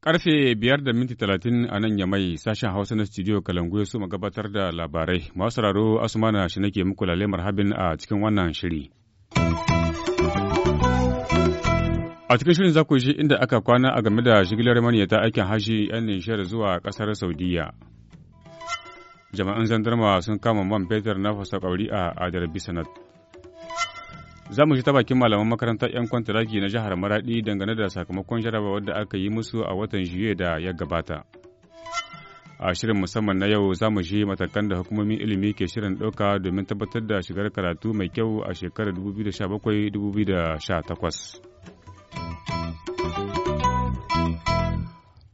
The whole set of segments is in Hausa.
Karfe biyar da minti talatin a nan yamai sashen Hausa na studio Kalangu ya suma gabatar da labarai. Masu raro Asumana shi nake muku lalle marhabin a cikin wannan shiri. A cikin shirin za ku ji inda aka kwana a game da shigilar maniyata aikin haji 'yan nishiyar zuwa ƙasar Saudiyya. jama'an zandarma sun kama man fetur na fasa kauri a adar bisanat za mu ji ta bakin malaman makarantar 'yan kwantaraki na jihar maradi dangane da sakamakon jarabawar da aka yi musu a watan juye da ya gabata a shirin musamman na yau za mu ji matakan da hukumomin ilimi ke shirin ɗauka domin tabbatar da shigar karatu mai kyau a shekarar 2017-2018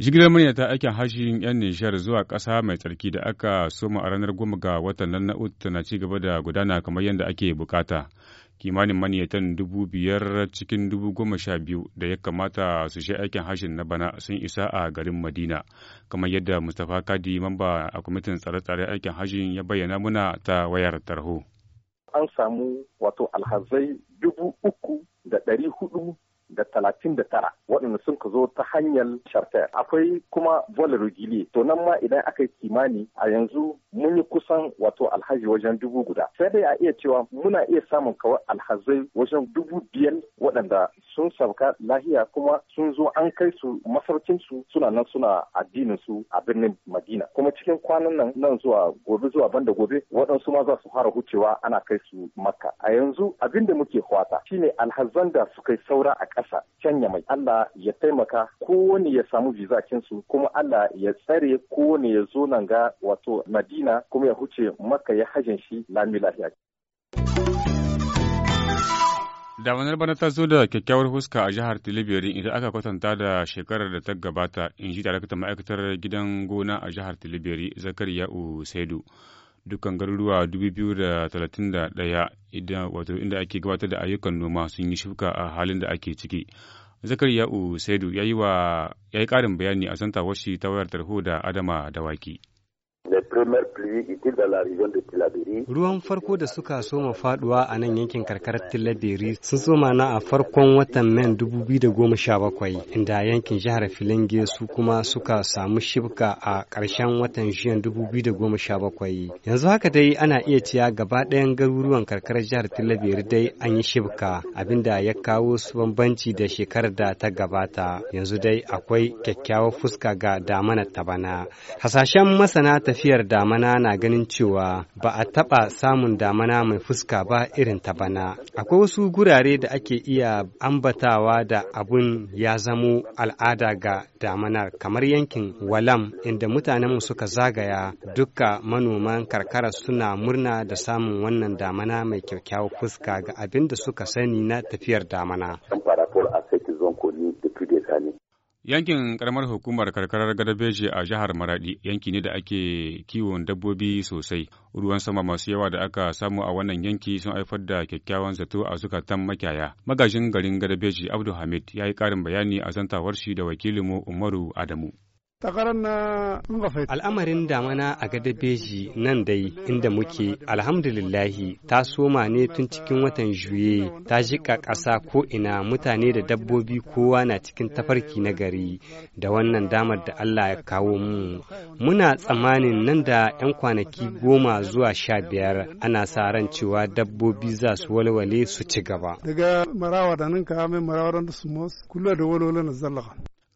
Jigilar murya ta aikin hashin 'yan Nijar zuwa ƙasa mai tsarki da aka soma a ranar goma ga watan nan na Ut na ci gaba da gudana kamar yadda ake bukata. Kimanin maniyatan dubu biyar cikin dubu goma sha biyu da ya kamata su shi aikin hashin na bana sun isa a garin Madina. Kamar yadda Mustapha Kadi mamba a kwamitin tsare-tsare aikin hashin ya bayyana muna ta wayar tarho. An samu wato alhazai dubu uku da ɗari hudu da talatin da tara. waɗanda sun ka zo ta hanyar charter akwai kuma volar to nan ma idan aka yi kimani a yanzu mun yi kusan wato alhaji wajen dubu guda sai dai a iya cewa muna iya samun kawai alhazai wajen dubu biyar waɗanda sun sauka lahiya kuma sun zo an kai su masarkin su suna nan suna addinin su a birnin madina kuma cikin kwanan nan nan zuwa gobe zuwa banda gobe waɗansu ma za su fara hucewa ana kai su makka a yanzu abin da muke hwata shine alhazan da suka yi saura a ƙasa canya mai allah Allah ya taimaka kowane ya samu visa kinsu kuma Allah ya tsare kowane ya zo nan ga wato Madina kuma ya huce maka ya hajin shi lami lafiya. Damanar bana ta zo da kyakkyawar fuska a jihar Tilibiri idan aka kwatanta da shekarar da ta gabata in ji daraktan ma'aikatar gidan gona a jihar Tilibiri Zakariya Usaidu. Dukkan garuruwa 2031 idan wato inda ake gabatar da ayyukan noma sun yi shuka a halin da ake ciki. Zakariya'u Saidu ya yi ƙarin bayani a santa washi ta wayar tarho da Adama da Dawaki. Ruwan farko da suka soma faduwa a nan yankin karkarar Tillaberi sun soma na a farkon watan Mayan 2017 inda yankin jihar Filinge su kuma suka samu shibka a ƙarshen watan Juyan 2017. Yanzu haka dai ana iya ciya gaba ɗayan garuruwan karkarar jihar Tillaberi dai an yi shibka abinda ya kawo su bambanci da shekarar da ta gabata. Yanzu dai akwai kyakkyawar fuska ga damanar ta bana. Hasashen masana tafi tafiyar damana na ganin cewa ba a taɓa samun damana mai fuska ba irin ta bana. Akwai wasu gurare da ake iya ambatawa da abun ya zamo al'ada ga damana kamar yankin Walam inda mutanenmu suka zagaya duka manoman karkara suna murna da samun wannan damana mai kyakkyawar fuska ga abin da suka sani na tafiyar damana. Yankin karamar hukumar karkarar Gadabeji a jihar Maradi yanki ne da ake kiwon dabbobi sosai. Ruwan sama masu yawa da aka samu a wannan yanki sun haifar da kyakkyawan zato a zukatan makyaya Magajin garin Gadabeji Abdulhamid ya yi ƙarin bayani a zantawar shi da wakilinmu Umaru Adamu. Al'amarin damana a Gadabeji nan dai inda muke alhamdulillahi ta soma ne tun cikin watan juye ta jika ƙasa ko ina mutane da dabbobi kowa na cikin tafarki na gari da wannan damar da Allah ya kawo mu. Muna tsammanin nan da 'yan kwanaki goma zuwa sha biyar ana sa ran cewa dabbobi za su walwale su ci gaba.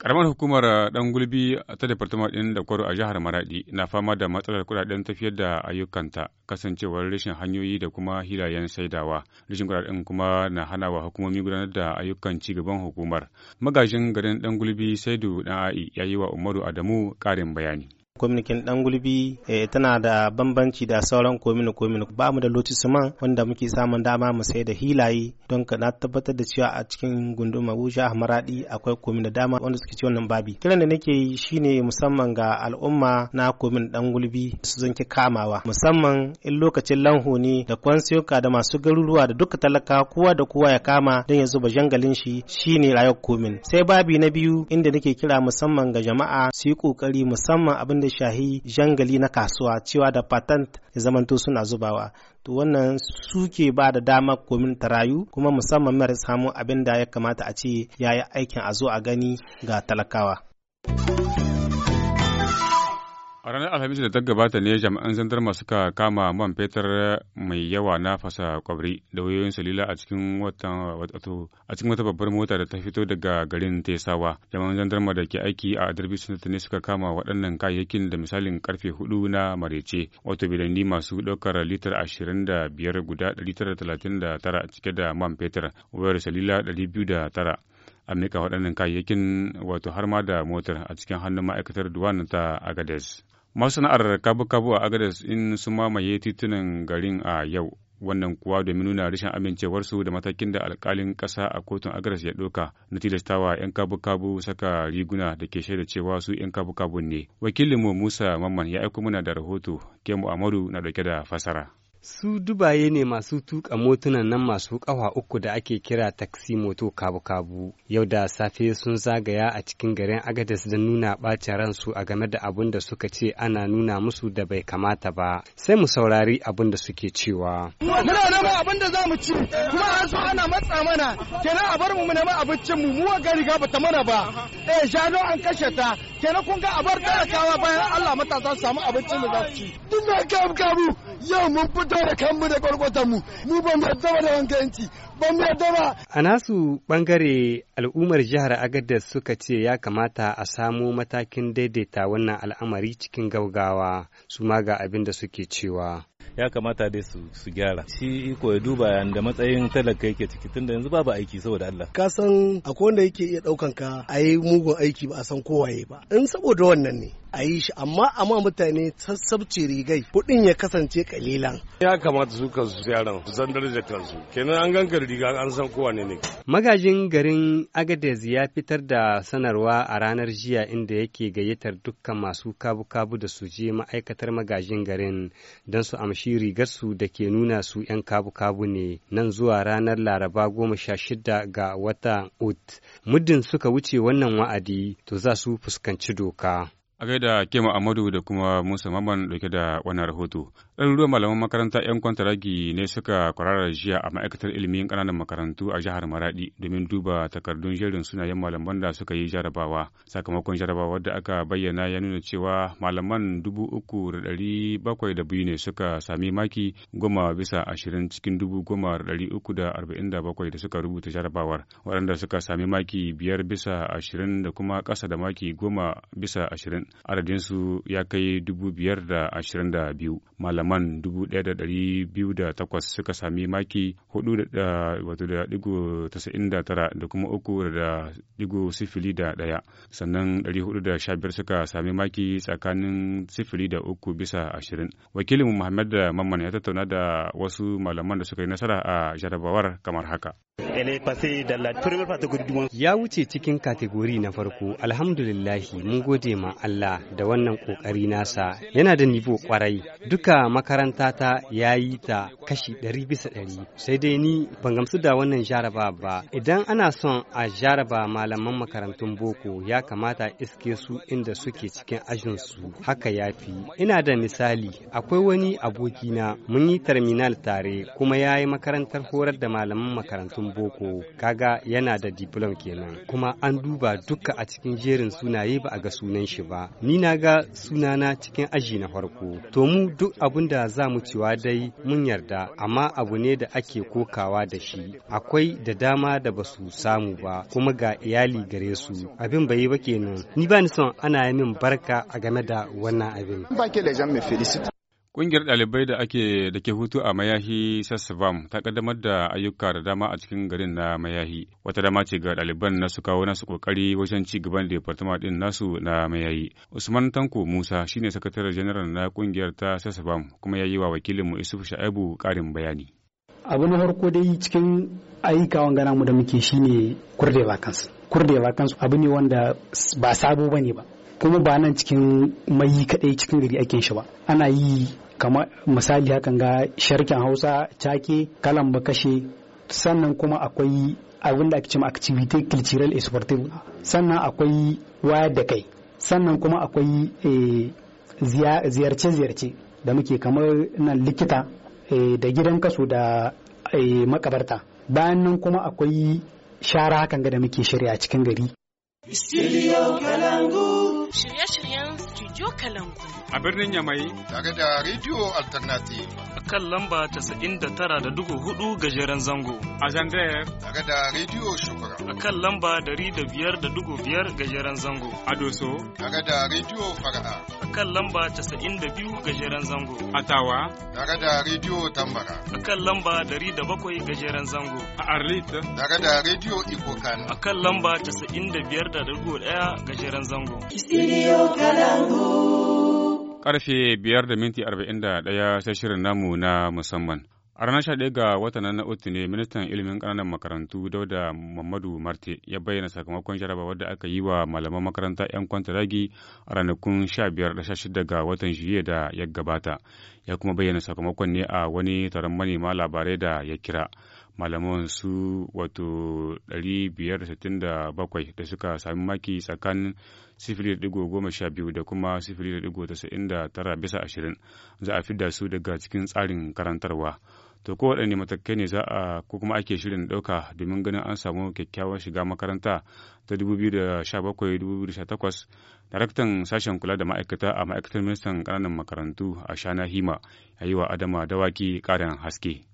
Karamar hukumar ɗan eh, gulbi ta Departement ɗin da kwaro a jihar Maradi na fama da matsalar kudaden tafiyar da ayyukanta kasancewar rashin hanyoyi da kuma hirayen saidawa. Rashin kudaden kuma na hana wa hukumomi gudanar da ayyukan cigaban hukumar. Magajin garin dan gulbi Saidu Ɗan'a'i ya yi wa Umaru Adamu karin bayani. kominikin ɗan gulbi eh, tana da bambanci da sauran komini komini ba mu da lotisman wanda muke samun dama mu sai da hilaye don ka na tabbatar da cewa a cikin gunduma Abuja a Maradi akwai komini da dama wanda suke ci wannan babi. Kiran da nake yi shine musamman ga al'umma na komin ɗan gulbi su zanki kamawa musamman in lokacin lanhu ne da kwansiyoka da masu garuruwa da duka talaka kowa da kowa ya kama don ya zuba jangalin shi shine rayuwar komin. Sai babi na biyu inda nake kira musamman ga jama'a su yi kokari musamman abin da shahi jangali na kasuwa cewa da patent ya zamanto suna zubawa to wannan suke ba da dama komin ta rayu kuma musamman mara samun abin da ya kamata a ce ya yi aikin a zo a gani ga talakawa. A ranar Alhamis da ta gabata ne jami'an zandarma suka kama man fetur mai yawa na fasa kwabri da wayoyin salila a cikin wata babbar mota da ta fito daga garin Tesawa. Jami'an zandarma da ke aiki a Adarbi Sanata ne suka kama waɗannan kayayyakin da misalin karfe hudu na marece. Wato bidanni masu ɗaukar litar ashirin da biyar guda ɗari tara talatin da tara cike da man fetur, wayar salila ɗari biyu da tara. a mika waɗannan kayayyakin wato har ma da motar a cikin hannun ma'aikatar duwan ta agades masana'ar kabu-kabu a agadas in su mamaye titunan garin a yau wannan kuwa domin nuna rashin amincewarsu da matakin da alkalin kasa a kotun agadas ya ɗauka na tilastawa 'yan kabu-kabu saka riguna da ke shaida cewa su 'yan kabu kabu ne wakilinmu musa mamman ya aiko mana da rahoto kemu amadu na dauke da fasara su dubaye ne masu tuka motunan nan masu kawa uku da ake kira taksi moto kabu-kabu yau da safe sun zagaya a cikin garin Agadis don nuna ɓacin ransu a game da abin da suka ce ana nuna musu da bai kamata ba sai mu saurari abin da suke cewa muna nama abin da zamu ci kuma an so ana matsa mana kenan a bar mu nema abincin mu mu ga riga bata mana ba eh shano an kashe ta kenan kun ga a bar talakawa bayan Allah matasa su samu abincin da za su ci duk kabu-kabu yau mun fito da kanmu da kwarkwatanmu mu ba mu yadda da wankanci ba mu yadda ba. A nasu bangare al'ummar jihar Agadez suka ce ya kamata a samo matakin daidaita wannan al'amari cikin gaugawa su ma ga abin da suke cewa. ya kamata dai su, gyara shi iko ya duba yanda matsayin talaka yake ciki tunda yanzu babu aiki saboda Allah ka san akwai wanda yake iya daukan ka a yi mugun aiki ba a san kowaye ba in saboda wannan ne a yi shi amma amma mutane sassabci rigai kuɗin ya kasance kalilan. Ya kamata su kansu yaran su san darajar kansu kenan an ganka riga an san kowa ne ne. Magajin garin Agadez ya fitar da sanarwa a ranar jiya inda yake gayyatar dukkan masu kabu-kabu da su je ma'aikatar magajin garin don su amshi rigar su da ke nuna su 'yan kabu-kabu ne nan zuwa ranar Laraba goma sha shida ga wata Ut. Muddin suka wuce wannan wa'adi to za su fuskanci doka. A gaida Kema Amadu da kuma Musa Maman dauke da wannan rahoto. Ɗaruruwan malaman makaranta 'yan kwantaragi ne suka kwarara jiya a ma'aikatar ilimin ƙananan makarantu a jihar Maradi domin duba takardun jerin sunayen malaman da suka yi jarabawa. Sakamakon jarabawar da aka bayyana ya nuna cewa malaman dubu uku da ɗari bakwai da biyu ne suka sami maki goma bisa ashirin cikin dubu goma da ɗari uku da arba'in da bakwai da suka rubuta jarabawar. Waɗanda suka sami maki biyar bisa ashirin da kuma ƙasa da maki goma bisa ashirin kenan adadinsu ya kai dubu biyar da ashirin da biyu malaman dubu ɗaya da ɗari biyu da takwas suka sami maki hudu da wato da digo tasa'in da tara da kuma uku da digo sifili da ɗaya sannan ɗari hudu da sha biyar suka sami maki tsakanin sifili da uku bisa ashirin wakilin muhammad da mamman ya tattauna da wasu malaman da suka yi nasara a jarabawar kamar haka ya wuce cikin kategori na farko alhamdulillahi mun gode ma Allah da wannan ƙoƙari nasa yana da nivo ƙwarai. Duka makaranta ta ya yi ta kashi ɗari bisa ɗari. Sai dai ni ban gamsu da wannan jaraba ba. Idan ana son a jaraba malaman makarantun boko ya kamata iske su inda suke cikin ajinsu haka ya fi. Ina da misali akwai wani abokina mun yi terminal tare kuma ya yi makarantar horar da malaman makarantun boko kaga yana da diplom kenan kuma an duba duka a cikin jerin sunaye ba a ga sunan shi ba. ni na ga sunana cikin aji na farko to mu duk abin da za mu cewa dai mun yarda amma abu ne da ake kokawa da shi akwai da dama da ba su samu ba kuma ga iyali gare su abin bai yi ba kenan ni ba ni son ana yi min barka a game da wannan abin Ƙungiyar ɗalibai da ake da ke hutu a Mayahi Sassavam ta ƙaddamar da ayyuka da dama a cikin garin na Mayahi. Wata dama ce ga ɗaliban na su kawo nasu ƙoƙari wajen ci gaban departama ɗin nasu na Mayahi. Usman Tanko Musa shine sakataren janaral na ƙungiyar ta Sassavam kuma ya yi wa mu Isuf Sha'ibu ƙarin bayani. Abu na farko dai cikin ayyukan gana mu da muke shine kurde vacancy. Kurde vacancy abu ne wanda ba sabo bane ba. kuma ba nan cikin mai kaɗai cikin gari ake shi ba ana yi kamar misali hakan ga sharkin hausa cake kalan ba kashe sannan kuma akwai abin da ake cewa activity cultural sportive sannan akwai wayar da kai sannan kuma akwai eh, ziyarce-ziyarce da muke kamar nan likita eh, da gidan kaso da eh, makabarta bayan nan kuma akwai shara hakan ga da muke shirya cikin gari. your Kalangu. shirye-shiryen Studio Kalangu. A birnin Yamai. Tare da Radio Alternative. A kan lamba tara da dugu hudu gajeren zango. A Zandayar. Tare da Radio Shukura. A kan lamba dari da biyar da dugu biyar gajeren zango. A Doso. Tare da Radio Fara'a. A kan lamba 92 biyu gajeren zango. A Tawa. Tare da Radio Tambara. A kan lamba dari da bakwai gajeren zango. A Arlit. Tare da Radio Ikokan. A kan lamba 95.1 biyar da dugu ɗaya gajeren zango. Radio Kalangu. Karfe biyar da minti arba'in da ɗaya sai shirin namu na musamman. A ranar sha ɗaya ga watan na uku ne ministan ilimin ƙananan makarantu Dauda Muhammadu Marte ya bayyana sakamakon jarabawar da aka yi wa malaman makaranta 'yan kwantaragi a ranakun sha biyar da sha shida ga watan Juye da ya gabata. Ya kuma bayyana sakamakon ne a wani taron manema labarai da ya kira. malaman su wato 567 da suka sami maki tsakanin 0.12 da kuma 0.99 bisa 20 za a fidda su daga cikin tsarin karantarwa. To kowaɗanne matakai ne za a ko kuma ake shirin ɗauka domin ganin an samu kyakkyawar shiga makaranta ta 2017-2018 daraktan sashen kula da ma'aikata a ma'aikatar ministan ƙananan makarantu a shana hima ya yi wa adama dawaki ƙarin haske.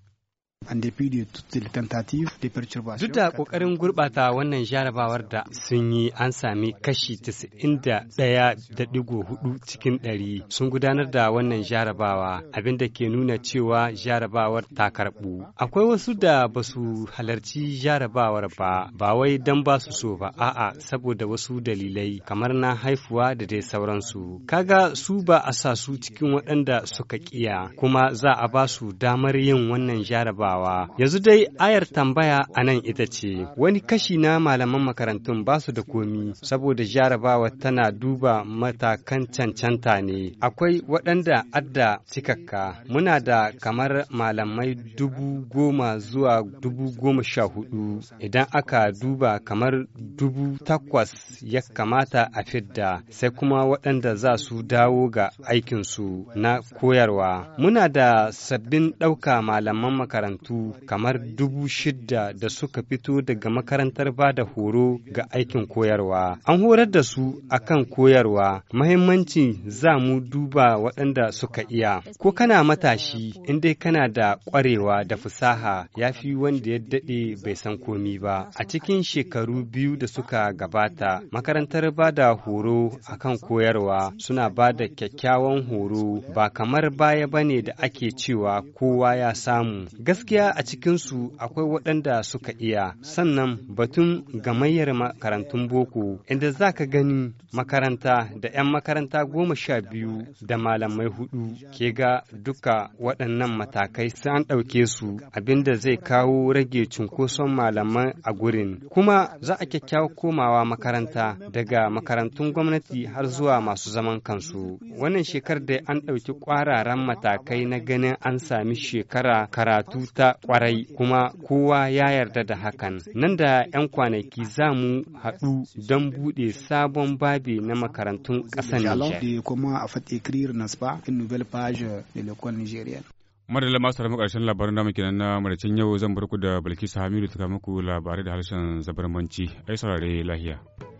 Duk da ƙoƙarin gurɓata wannan jarabawar da sun yi an sami kashi 91.4 cikin 100 sun gudanar da wannan jarabawa abinda ke nuna cewa jarabawar ta karɓu. Akwai wasu da ba su halarci jarabawar ba, ba wai don ba su so ba, a'a saboda wasu dalilai kamar na haifuwa da dai sauransu. Kaga su ba a sa su cikin waɗanda suka ƙiya kuma za a ba su damar yin wannan jarabawa. jarabawa. Yanzu dai ayar tambaya a nan ita ce, wani kashi na malaman makarantun ba su da komi saboda jarabawa tana duba matakan cancanta ne. Akwai waɗanda adda cikakka, muna da kamar malamai dubu goma zuwa dubu goma sha hudu idan aka duba kamar dubu takwas ya kamata a fidda sai kuma waɗanda za su dawo ga aikinsu na koyarwa. Muna da sabbin ɗauka malaman makarantun. makarantu kamar dubu shida da suka fito daga makarantar ba da horo ga aikin koyarwa. An horar da su akan koyarwa, mahimmanci za mu duba waɗanda suka iya. Ko kana matashi inda kana da ƙwarewa da fusaha ya fi wanda ya daɗe bai san komi ba. A cikin shekaru biyu da suka gabata, makarantar ba da horo akan koyarwa suna ba da kyakkyawan horo ba kamar baya bane da ake cewa kowa ya samu. Gaskiya Gaskiya a cikinsu akwai waɗanda suka iya sannan batun gamayyar makarantun boko inda za ka gani makaranta da 'yan makaranta goma sha biyu da malamai hudu ke ga duka waɗannan matakai sai an ɗauke su abinda zai kawo rage cunkoson malaman a gurin kuma za a kyakkyawa komawa makaranta daga makarantun gwamnati har zuwa masu zaman kansu wannan shekar da an ɗauki ƙwararan matakai na ganin an sami shekara karatu ta kwarai kuma kowa ya yarda da hakan. Nan da 'yan kwanaki za mu haɗu don buɗe sabon babi na makarantun ƙasar Nijar. madalla masu tarafin karshen labarin namu kenan na madacin yau zan barku da bilkisu hamidu ta muku labarai da harshen zabarmanci ai saurare lahiya